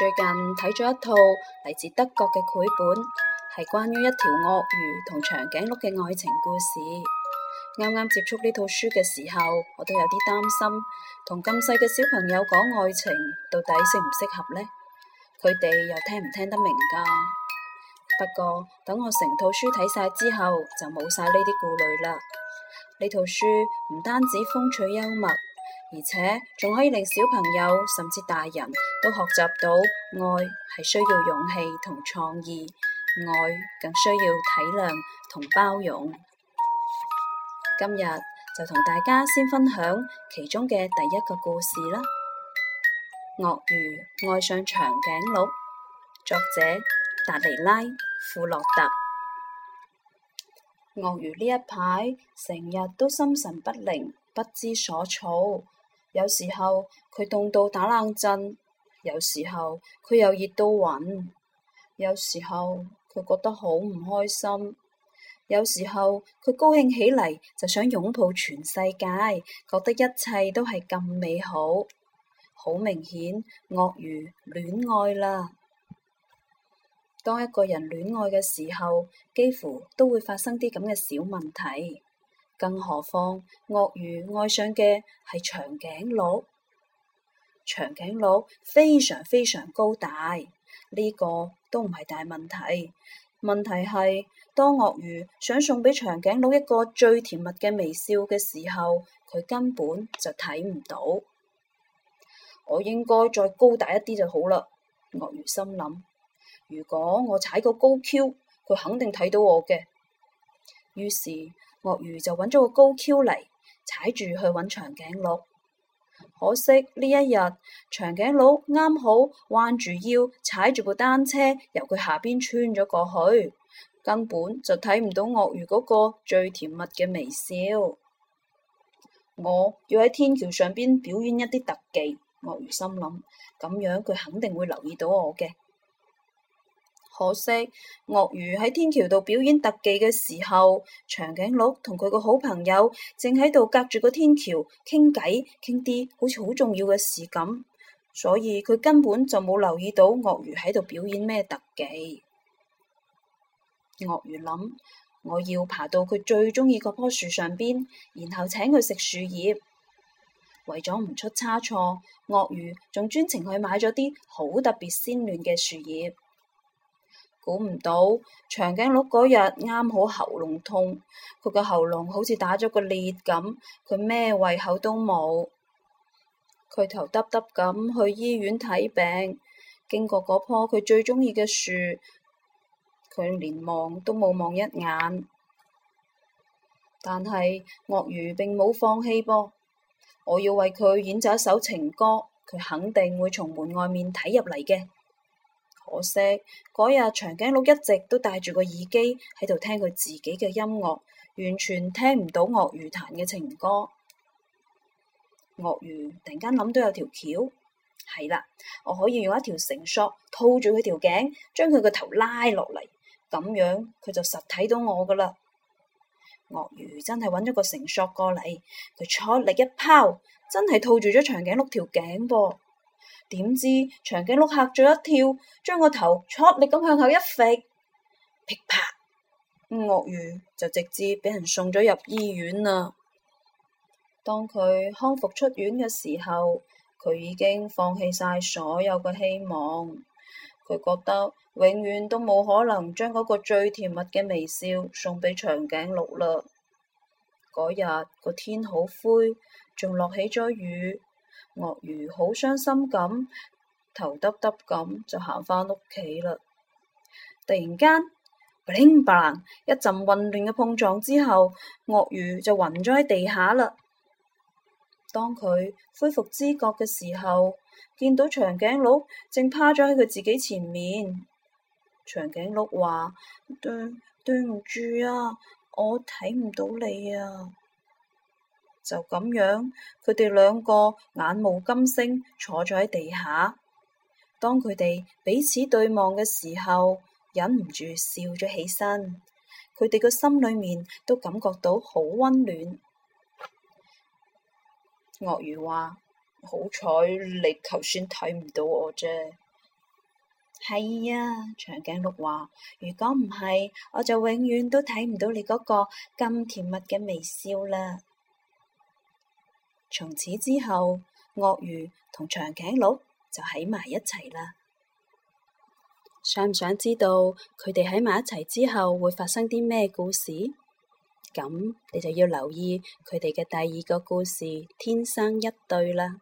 最近睇咗一套嚟自德國嘅繪本，係關於一條鱷魚同長頸鹿嘅愛情故事。啱啱接觸呢套書嘅時候，我都有啲擔心，同咁細嘅小朋友講愛情，到底適唔適合呢？佢哋又聽唔聽得明㗎？不過等我成套書睇晒之後，就冇晒呢啲顧慮啦。呢套書唔單止風趣幽默。而且仲可以令小朋友甚至大人都學習到愛係需要勇氣同創意，愛更需要體諒同包容。今日就同大家先分享其中嘅第一個故事啦。鱷魚愛上長頸鹿，作者達尼拉·庫洛特。鱷魚呢一排成日都心神不寧，不知所措。有時候佢凍到打冷震，有時候佢又熱到暈，有時候佢覺得好唔開心，有時候佢高興起嚟就想擁抱全世界，覺得一切都係咁美好。好明顯，鱷魚戀愛啦！當一個人戀愛嘅時候，幾乎都會發生啲咁嘅小問題。更何況，鱷魚愛上嘅係長頸鹿，長頸鹿非常非常高大，呢個都唔係大問題。問題係當鱷魚想送俾長頸鹿一個最甜蜜嘅微笑嘅時候，佢根本就睇唔到。我應該再高大一啲就好啦。鱷魚心諗：如果我踩個高蹺，佢肯定睇到我嘅。於是，鱷魚就搵咗個高蹺嚟踩住去搵長頸鹿，可惜呢一日長頸鹿啱好彎住腰踩住部單車，由佢下邊穿咗過去，根本就睇唔到鱷魚嗰個最甜蜜嘅微笑。我要喺天橋上邊表演一啲特技，鱷魚心諗，咁樣佢肯定會留意到我嘅。可惜鱷魚喺天橋度表演特技嘅時候，長頸鹿同佢個好朋友正喺度隔住個天橋傾偈，傾啲好似好重要嘅事咁，所以佢根本就冇留意到鱷魚喺度表演咩特技。鱷魚諗：我要爬到佢最鍾意嗰棵樹上邊，然後請佢食樹葉。為咗唔出差錯，鱷魚仲專程去買咗啲好特別鮮嫩嘅樹葉。估唔到，長頸鹿嗰日啱好喉嚨痛，佢個喉嚨好似打咗個裂咁，佢咩胃口都冇，佢頭耷耷咁去醫院睇病。經過嗰棵佢最鍾意嘅樹，佢連望都冇望一眼。但係鱷魚並冇放棄噃，我要為佢演奏一首情歌，佢肯定會從門外面睇入嚟嘅。可惜嗰日長頸鹿一直都戴住個耳機喺度聽佢自己嘅音樂，完全聽唔到鱷魚彈嘅情歌。鱷魚突然間諗到有條橋，係啦，我可以用一條繩索套住佢條頸，將佢個頭拉落嚟，咁樣佢就實睇到我㗎喇。鱷魚真係揾咗個繩索過嚟，佢出力一拋，真係套住咗長頸鹿條頸噃。點知長頸鹿吓咗一跳，將個頭戳力咁向後一甩，噼啪，鱷魚就直接俾人送咗入醫院啦。當佢康復出院嘅時候，佢已經放棄晒所有嘅希望，佢覺得永遠都冇可能將嗰個最甜蜜嘅微笑送俾長頸鹿啦。嗰日個天好灰，仲落起咗雨。鱷魚好傷心咁，頭耷耷咁就行返屋企啦。突然間，砰砰！一陣混亂嘅碰撞之後，鱷魚就暈咗喺地下啦。當佢恢復知覺嘅時候，見到長頸鹿正趴咗喺佢自己前面。長頸鹿話：對，對唔住啊，我睇唔到你啊。就咁樣，佢哋兩個眼冒金星，坐咗喺地下。當佢哋彼此對望嘅時候，忍唔住笑咗起身。佢哋個心裏面都感覺到好溫暖。鱷魚話：好彩你頭先睇唔到我啫。係啊，長頸鹿話：如果唔係，我就永遠都睇唔到你嗰個咁甜蜜嘅微笑啦。從此之後，鱷魚同長頸鹿就喺埋一齊啦。想唔想知道佢哋喺埋一齊之後會發生啲咩故事？咁你就要留意佢哋嘅第二個故事《天生一對》啦。